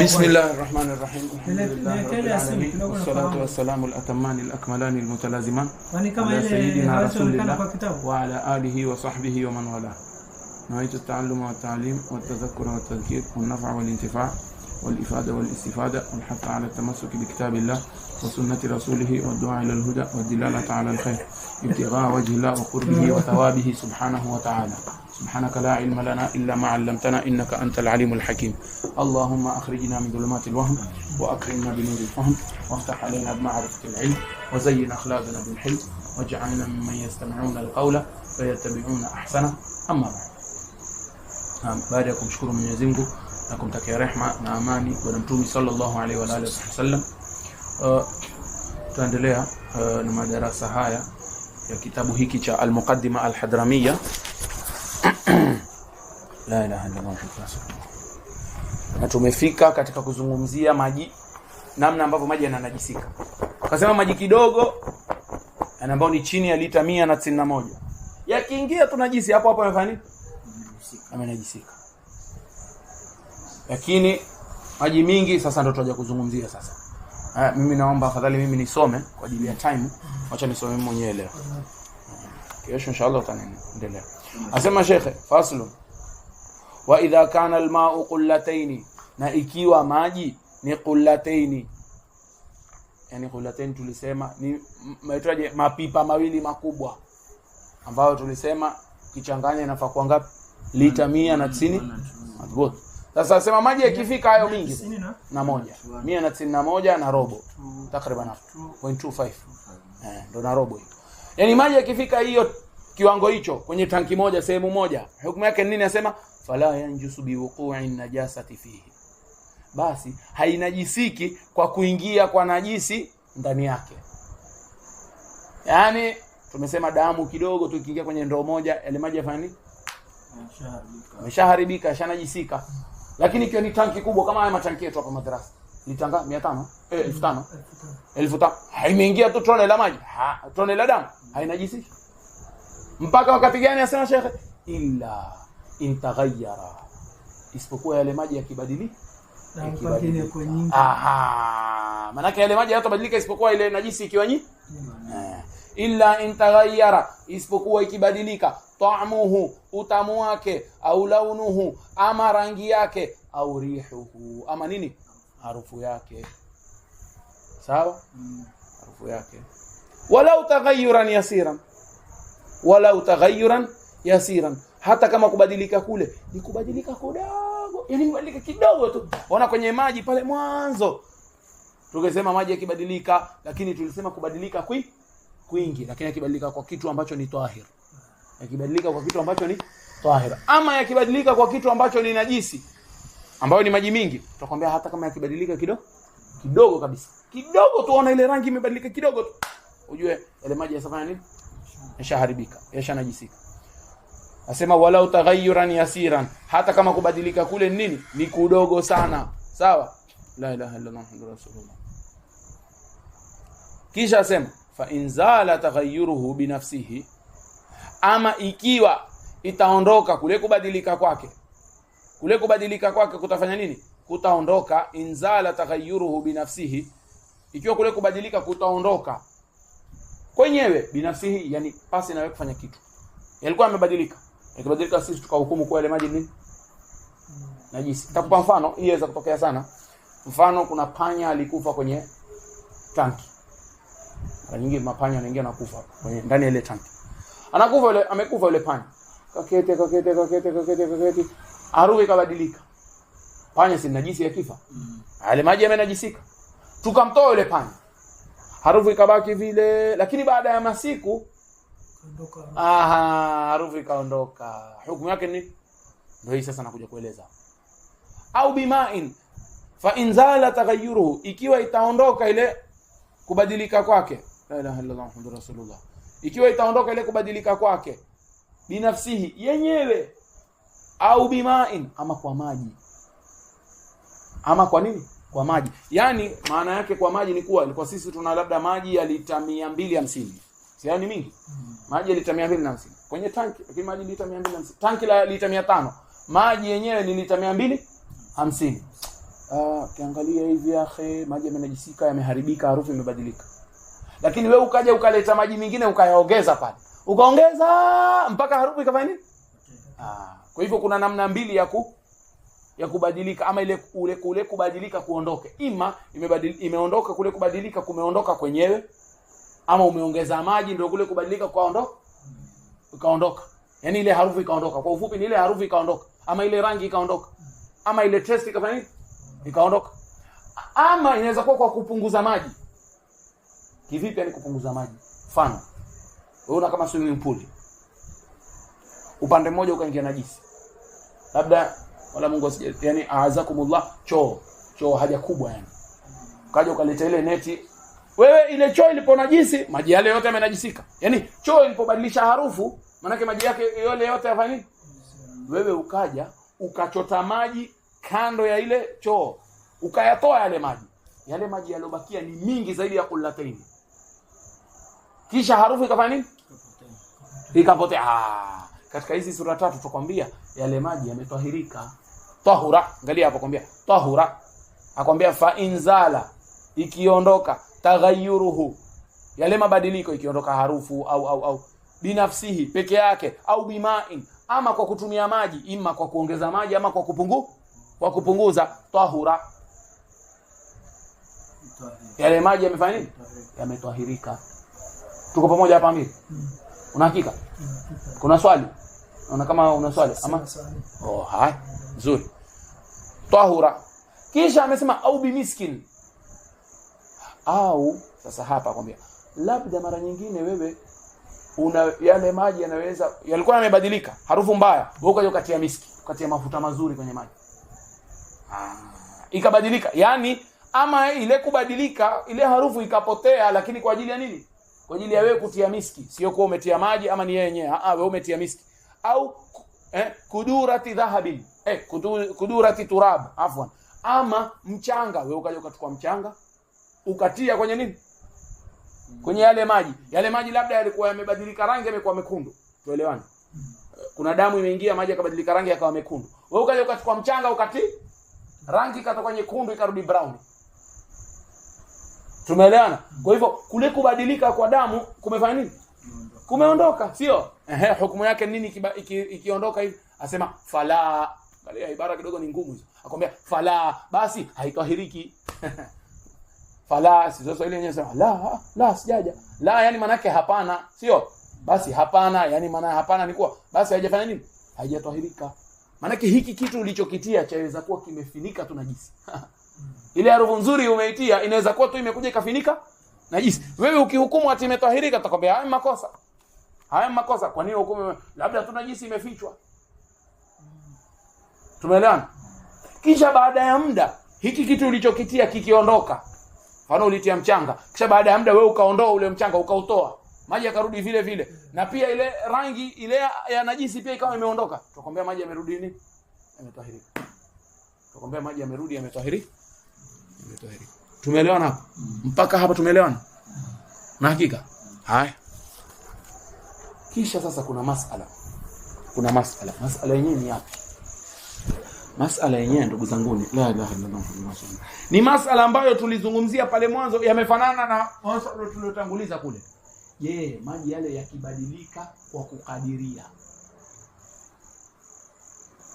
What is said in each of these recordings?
بسم الله الرحمن الرحيم الحمد لله رب العالمين والصلاة والسلام الأتمان الأكملان المتلازمان على سيدنا رسول الله وعلى آله وصحبه ومن والاه نهاية التعلم والتعليم والتذكر والتذكير والنفع والانتفاع والإفادة والاستفادة والحث على التمسك بكتاب الله وسنة رسوله والدعاء إلى الهدى والدلالة على الخير ابتغاء وجه الله وقربه وثوابه سبحانه وتعالى سبحانك لا علم لنا إلا ما علمتنا إنك أنت العليم الحكيم اللهم أخرجنا من ظلمات الوهم وأكرمنا بنور الفهم وافتح علينا بمعرفة العلم وزين أخلاقنا بالحلم واجعلنا ممن يستمعون القول فيتبعون أحسنه أما بعد baada نعم، ya من Mwenyezi لكم تكي رحمة نعماني ونمتومي صلى الله عليه وآله alaihi wa alihi wasallam uh, tuendelea uh, na madarasa haya ya La ilaha illa illallah. Na tumefika katika kuzungumzia maji, namna ambavyo maji yananajisika. Akasema maji kidogo ambayo ni chini ya lita 191. yakiingia tunajisi hapo hapo, amefanya nini? Amenajisika. Lakini maji mingi sasa ndio tutaja kuzungumzia sasa. Ha, eh, mimi naomba afadhali mimi nisome kwa ajili ya time, acha nisome mwenyewe leo. Mm. Kesho inshallah tutaendelea. Asema shekhe faslu wa idha kana almau qullataini, na ikiwa maji ni qullataini, yani qullataini tulisema ni maitaje, mapipa mawili makubwa ambayo tulisema kichanganya inafaa kuwa ngapi? Lita 190 na Madhubuti. Sasa sema maji yakifika hayo mingi na moja 191 na tisini na na robo takriban 2.25 eh, ndo na robo hiyo. Yani maji yakifika hiyo kiwango hicho kwenye tanki moja sehemu moja, hukumu yake nini? Nasema fala yanjusu biwuqui najasati fihi, basi hainajisiki kwa kuingia kwa najisi ndani yake. Yaani tumesema damu kidogo tukiingia kwenye ndoo moja, yale maji yafanya nini? Ameshaharibika, yashanajisika. Lakini ikiwa ni tanki kubwa kama haya matanki yetu hapa madrasa litanga mia tano eh, elfu tano elfu tano haimeingia tu tone la maji ha, tone la damu hainajisiki mpaka wakati gani? Asema shekhe illa intaghayyara, isipokuwa yale maji yakibadilika Aha, maanake yale maji hayatabadilika isipokuwa ile najisi ikiwa nyingi. Eh. Illa intaghayyara, isipokuwa ikibadilika. Taamuhu, utamu wake, au launuhu, ama rangi yake, au rihuhu, ama nini, harufu yake. Sawa, mm. harufu yake. Walau taghayyuran yasiran, walau taghayyuran yasiran hata kama kubadilika kule ni kubadilika kidogo, yani kubadilika kidogo tu. Ona kwenye maji pale mwanzo tukisema maji yakibadilika, lakini tulisema kubadilika kwi kwingi, lakini yakibadilika kwa kitu ambacho ni tahir, yakibadilika kwa kitu ambacho ni tahir, ama yakibadilika kwa kitu ambacho ni najisi, ambayo ni maji mingi, tutakwambia hata kama yakibadilika kidogo kidogo kabisa, kidogo tu ona ile rangi imebadilika kidogo tu, ujue ile maji yasafanya nini, yashaharibika, yashanajisika asema walau taghayyuran yasiran, hata kama kubadilika kule nini ni kudogo sana. Sawa, la ilaha illa Allah muhammadur rasulullah. Kisha asema fa inzala taghayyuruhu binafsihi, ama ikiwa itaondoka kule kubadilika kwake, kule kubadilika kwake kutafanya nini? Kutaondoka. Inzala taghayyuruhu binafsihi, ikiwa kule kubadilika kutaondoka kwenyewe binafsihi, yani pasi nawe kufanya kitu, yalikuwa amebadilika ikibadilika sisi tukahukumu kwa ile maji ni najisi. Nitakupa mfano, hii inaweza kutokea sana. Mfano, kuna panya alikufa kwenye tanki. Mara nyingi mapanya yanaingia na kufa kwenye ndani ya ile tanki, anakufa yule, amekufa yule panya, kakete kakete kakete kakete kakete, harufu ikabadilika. Panya si najisi ya kifa, Mm. yale maji yamenajisika. Tukamtoa yule panya, harufu ikabaki vile, lakini baada ya masiku harufu ikaondoka. Hukumu yake ni ndio hii sasa nakuja kueleza. Au bimain fa in zala ikiwa itaondoka ile kubadilika kwake. La ilaha illallah muhammadur rasulullah. Ikiwa itaondoka ile kubadilika kwake binafsihi yenyewe, au bimain, ama kwa maji. Ama kwa nini? Kwa maji. Yaani maana yake kwa maji ni kuwa ilikuwa sisi tuna labda maji ya lita mia mbili hamsini si hayo ni mingi maji ya lita 250 kwenye tanki lakini maji lita 250 tanki la lita 500 maji yenyewe ni lita 250 ah kiangalia hivi ahe maji yamenajisika yameharibika harufu imebadilika lakini we ukaja ukaleta maji mingine ukayaongeza pale ukaongeza mpaka harufu ikafanya nini ah, kwa hivyo kuna namna mbili ya ku ya kubadilika ama ile ule kule kubadilika kuondoke ima imebadil, imeondoka kule kubadilika kumeondoka kwenyewe ama umeongeza maji, ndio kule kubadilika ukaondoka, ukaondoka. Yaani ile harufu ikaondoka. Kwa ufupi ni ile harufu ikaondoka, ama ile rangi ikaondoka, ama ile taste ikafanya nini? Ikaondoka. Ama inaweza kuwa kwa kupunguza maji. Kivipi yani kupunguza maji? Mfano, wewe una kama swimming pool. Upande mmoja ukaingia najisi. Labda wala Mungu asije, yani aazakumullah choo, choo haja kubwa yani. Ukaja ukaleta ile neti wewe ile choo iliponajisi, maji yale yote yamenajisika. Yaani choo ilipobadilisha harufu, manake maji yake yale yote yafanya nini? Wewe ukaja ukachota maji kando ya ile choo, ukayatoa yale maji, yale maji yaliyobakia ni mingi zaidi ya kullataini, kisha harufu ikafanya nini? Ikapotea. Ah, katika hizi sura tatu tukwambia yale maji yametwahirika Tahura, angalia hapo kwambia tahura, akwambia fa inzala, ikiondoka taghayyuruhu yale mabadiliko, ikiondoka harufu au au au binafsihi peke yake, au bimain, ama kwa kutumia maji, ima kwa kuongeza maji ama kwa kupungu kwa kupunguza. Tahura, yale maji yamefanya nini? Yametwahirika. Tuko pamoja hapa Amiri? Una hakika? Kuna swali? Naona kama una swali ama? Oh, hai nzuri. Tahura, kisha amesema au bimiskin au sasa hapa kwambia labda mara nyingine wewe una yale maji yanaweza yalikuwa yamebadilika harufu mbaya wewe ukaja ukatia miski ukatia mafuta mazuri kwenye maji ah, ikabadilika yani ama ile kubadilika ile harufu ikapotea lakini kwa ajili ya nini kwa ajili ya wewe kutia miski sio kuwa umetia maji ama ni yenyewe ah, ah wewe umetia miski au eh, kudurati dhahabin eh, kudurati turab afwan ama mchanga wewe ukaja ukachukua mchanga ukatia kwenye nini, kwenye yale maji. Yale maji labda yalikuwa yamebadilika rangi, yamekuwa mekundu, tuelewane. Kuna damu imeingia, maji yakabadilika rangi, yakawa mekundu. Wewe ukaja ukachukua mchanga, ukati rangi ikatoka nyekundu, ikarudi brown. Tumeelewana? Kwa hivyo kule kubadilika kwa damu kumefanya nini? Kumeondoka, sio? Ehe, hukumu yake nini ikiondoka iki iki hivi? Asema fala. ibara kidogo ni ngumu hizo. Akwambia fala, basi haitahiriki fala sasa ile yenyewe sema la la sijaja la yani maana yake hapana sio basi hapana yani maana hapana ni kuwa basi haijafanya nini haijatahirika maana yake hiki kitu ulichokitia chaweza kuwa kimefinika tu najisi ile harufu nzuri umeitia inaweza kuwa tu imekuja ikafinika najisi wewe ukihukumu ati imetahirika utakwambia haya makosa haya makosa kwa nini hukumu labda tu najisi imefichwa tumeelewana kisha baada ya muda hiki kitu ulichokitia kikiondoka mfano ulitia mchanga, kisha baada ya muda wewe ukaondoa ule mchanga ukautoa, maji yakarudi vile vile, na pia ile rangi ile ya najisi pia ikawa imeondoka, tukwambia maji yamerudi nini, yametahiri. Tukwambia maji yamerudi, yametahiri, yametahiri. Tumeelewana hapo mm. mpaka hapa? Tumeelewana mm. na hakika. Haya, kisha sasa kuna masala, kuna masala. Masala yenyewe ni yapi? Masala yenyewe ndugu zanguni, la ilaha illallah, ni masala ambayo tulizungumzia pale mwanzo, yamefanana na masala tuliyotanguliza kule. Je, maji yale yakibadilika kwa kukadiria,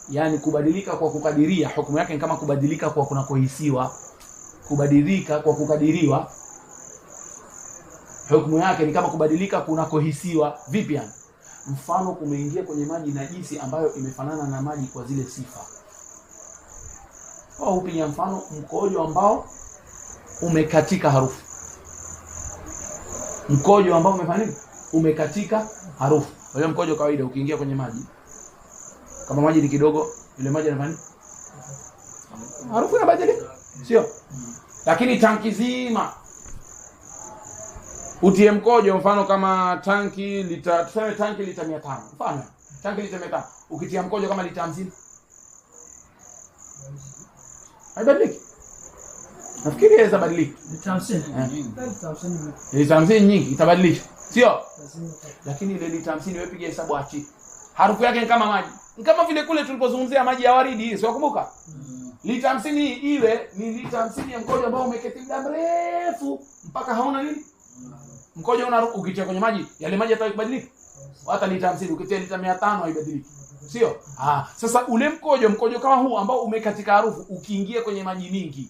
yaani kubadilika kwa kukadiria, hukumu yake ni kama kubadilika kwa kunakohisiwa. Kubadilika kwa kukadiriwa, hukumu yake ni kama kubadilika kunakohisiwa. Vipi? Yani mfano kumeingia kwenye maji najisi ambayo imefanana na maji kwa zile sifa kwa kupigia mfano mkojo ambao umekatika harufu, mkojo ambao umefanya nini, umekatika harufu. Kwa hiyo mkojo kawaida ukiingia kwenye maji, kama maji ni kidogo, ile maji inafanya nini? harufu inabadilika, sio? Lakini tanki zima utie mkojo, mfano kama tanki lita, tuseme tanki lita 500, mfano tanki lita 500, ukitia mkojo kama lita 50 haibadiliki. Nafikiri inaweza badilika. Lita hamsini nyingi itabadilisha, sio? Lakini ile lita hamsini wewe piga hesabu achi. Harufu yake ni kama maji. Ni kama vile kule tulipozungumzia maji ya waridi hii, sio mm. Lita hamsini iwe ni lita hamsini ya mkojo ambao umeketi muda mrefu mpaka hauna nini? Mm. Mkojo unaruka ukitia kwenye maji, yale maji hayatabadilika. Hata lita hamsini ukitia lita mia tano haibadiliki sio? Ah, sasa ule mkojo, mkojo kama huu ambao umekatika harufu, ukiingia kwenye maji mingi,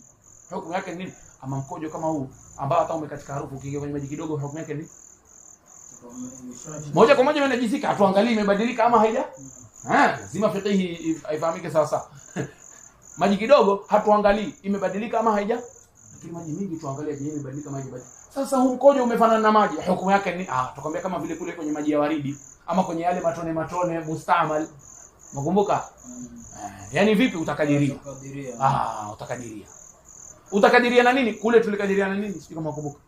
hukumu yake nini? Ama mkojo kama huu ambao hata umekatika harufu, ukiingia kwenye maji kidogo, hukumu yake nini? Moja kwa moja imenajisika. Hatuangalii imebadilika ama haija. zima mm-hmm. ah, lazima fikihi ifahamike sawa sawa. maji kidogo hatuangalii imebadilika ama haija, lakini maji mingi tuangalia, je, imebadilika maji? Sasa huu mkojo umefanana na maji, hukumu yake ni ah, tukwambia kama vile kule kwenye maji ya waridi ama kwenye yale matone matone mustamal mkumbuka mm. Eh, yaani vipi utakadiria? Ah, utakadiria. Utakadiria na nini? Kule tulikadiria na nini? Sijui kama kumbuka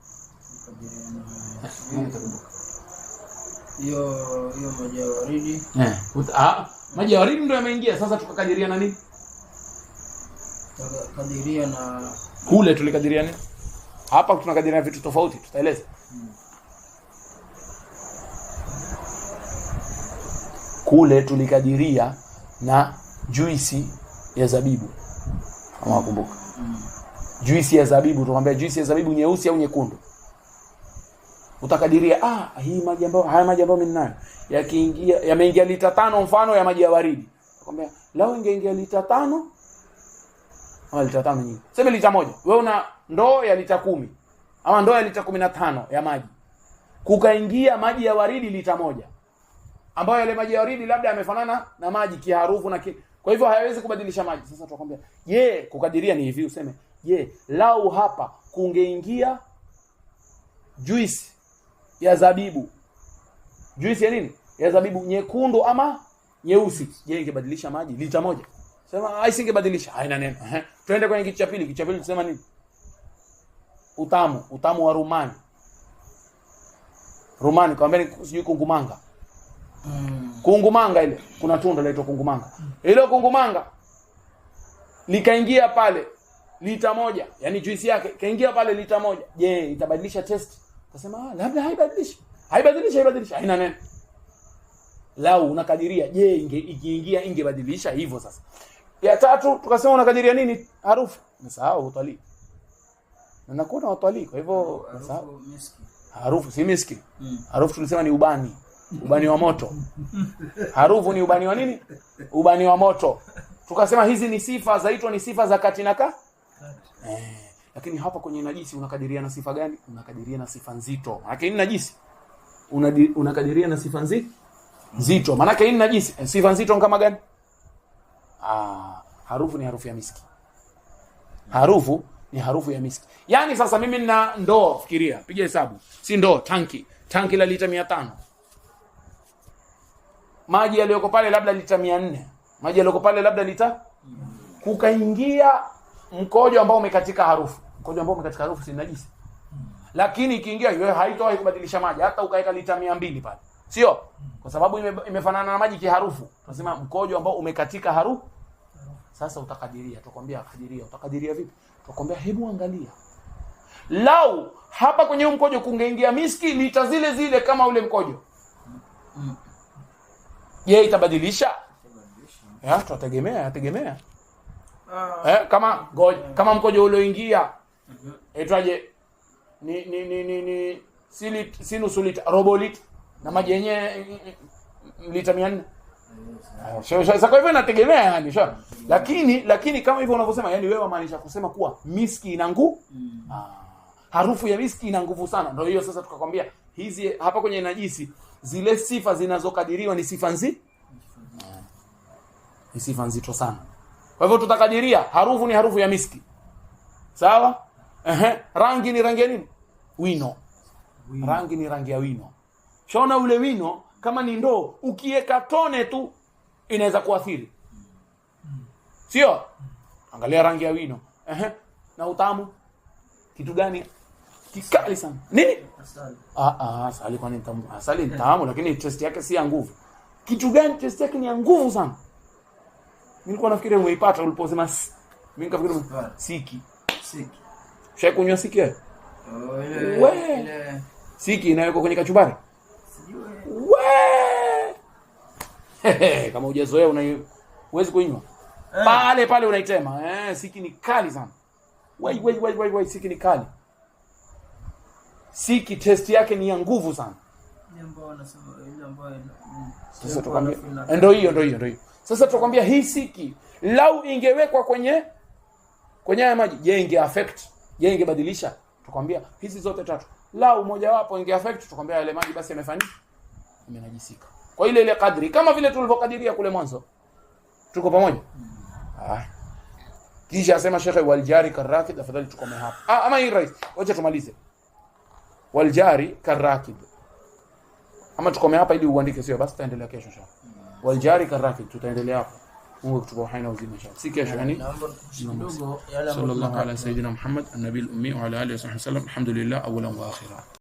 maji ya waridi. Eh. Ah, maji ya yameingia. Sasa tukakadiria na nini? Tukakadiria na kule tulikadiria nini? Hapa tunakadiria vitu tofauti, tutaeleza. mm. kule tulikadiria na juisi ya zabibu kama juisi ya zabibu tukamwambia juisi ya zabibu nyeusi au nyekundu utakadiria ah hii maji ambayo haya maji ambayo mimi ninayo yakiingia yameingia lita tano mfano ya maji ya waridi kwambia lao ingeingia lita tano ama lita tano nyingi sema lita moja wewe una ndoo ya lita kumi ama ndoo ya lita kumi na tano ya maji kukaingia maji ya waridi lita moja ambayo yale maji ya waridi labda yamefanana na maji kiharufu na ki... kwa hivyo hayawezi kubadilisha maji. Sasa tunakwambia je, yeah, kukadiria ni hivi, useme je, yeah, lau hapa kungeingia juisi ya zabibu, juisi ya nini, ya zabibu nyekundu ama nyeusi, je, yeah, ingebadilisha maji lita moja? Sema aisingebadilisha, ah, haina neno. Twende kwenye kitu cha pili. Kitu cha pili tusema nini? Utamu, utamu wa rumani. Rumani kwambeni, sijui kungumanga Mm. Kungumanga ile kuna tunda laitwa kungumanga. Ile kungumanga likaingia pale lita moja, yani juisi yake kaingia pale lita moja. Je, itabadilisha test? Kasema ah, labda haibadilishi. Haibadilishi, haibadilishi. Haina neno. Lau unakadiria, je, inge ikiingia ingebadilisha hivyo sasa. Ya tatu tukasema unakadiria nini? Harufu. nisahau utalii. Na nakuna utalii, kwa hivyo nasahau. Harufu si miski. Mm. Harufu tulisema ni ubani ubani wa moto. Harufu ni ubani wa nini? Ubani wa moto. Tukasema hizi ni sifa zaitwa ni sifa za kati na ka eh, lakini hapa kwenye najisi unakadiria na sifa gani? Unakadiria na sifa nzito. lakini nini najisi? Unakadiria na sifa nzi nzito. Maana nini najisi? Eh, sifa nzito kama gani? Ah, harufu ni harufu ya miski. Harufu ni harufu ya miski. Yaani sasa mimi nina ndoo, fikiria, piga hesabu. Si ndoo, tanki. Tanki la lita 500 maji yaliyoko pale labda lita mia nne maji yaliyoko pale labda lita kukaingia mkojo ambao umekatika harufu. Mkojo ambao umekatika harufu si najisi, lakini ikiingia hiyo haitoa kubadilisha maji, hata ukaweka lita mia mbili pale, sio kwa sababu ime, imefanana na maji kiharufu. Tunasema mkojo ambao umekatika harufu. Sasa utakadiria, tutakwambia kadiria. Utakadiria vipi? Tutakwambia hebu angalia, lau hapa kwenye mkojo kungeingia miski lita zile zile kama ule mkojo Je, itabadilisha? Eh, tunategemea yategemea. Ah. Eh, kama go, kama mkojo ulioingia etwaje ni ni ni ni, ni si si nusu na maji yenyewe lita 400. Sasa kwa hivyo inategemea yani, sio? Lakini lakini kama hivyo unavyosema, yani wewe maanisha kusema kuwa miski ina nguvu. Mm. Ah, harufu ya miski ina nguvu sana. Ndio hiyo sasa tukakwambia hizi hapa kwenye najisi zile sifa zinazokadiriwa ni sifa nzi ni sifa nzito sana. Kwa hivyo tutakadiria harufu ni harufu ya miski, sawa. Ehe, rangi ni rangi ya nini? Wino. wino. rangi ni rangi ya wino. Shaona ule wino kama ni ndoo, ukiweka tone tu inaweza kuathiri, sio? Angalia rangi ya wino. Ehe, na utamu kitu gani kikali sana. Nini? Asali. Ah ah, asali kwani nitamu. Asali ah, nitamu lakini test yake si ya nguvu. Kitu gani test yake ni ya nguvu sana? Nilikuwa nafikiri umeipata uliposema mimi nikafikiri siki. Siki. Shai kunywa siki wewe? Oh, ile. We. Ile. Siki inawekwa kwenye kachumbari? We. Kama hujazoea una uwezi kuinywa. Eh. Pale pale unaitema. Eh, siki ni kali sana. Wai wai wai wai siki ni kali siki test yake ni ya nguvu sana. ndo hiyo ndo hiyo ndo hiyo. Sasa tutakwambia hii siki lau ingewekwa kwenye kwenye haya maji, je, inge affect? Je, ingebadilisha? Tukwambia hizi zote tatu lau mojawapo inge affect, tukwambia yale maji basi yamefanya yamenajisika kwa ile ile kadri, kama vile tulivyokadiria kule mwanzo. Tuko pamoja? Ah, kisha asema shekhe, waljari karaki tafadhali tukome hapa. Ah, ama hii rais, wacha tumalize waljari karakib. Ama tukome hapa ili uandike, sio basi, tutaendelea kesho inshallah. Mm. Waljari karakib, tutaendelea hapo. Mungu akutupe uhai na uzima inshallah, si kesho yani. Sallallahu ala sayyidina Muhammad an-nabiyil ummi wa ala alihi wa sahbihi wasallam. Alhamdulillah awwalan wa akhira.